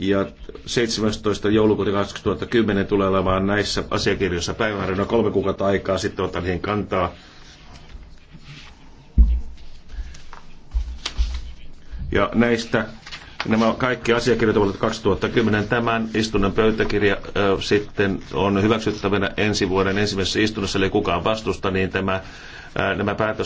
ja 17. joulukuuta 2010 tulee olemaan näissä asiakirjoissa päivämääränä kolme kuukautta aikaa, sitten ottaa niihin kantaa. Ja näistä nämä kaikki asiakirjat vuodelta 2010. Tämän istunnon pöytäkirja ö, sitten on hyväksyttävänä ensi vuoden ensimmäisessä istunnossa, eli kukaan vastusta, niin tämä, ö, nämä päätös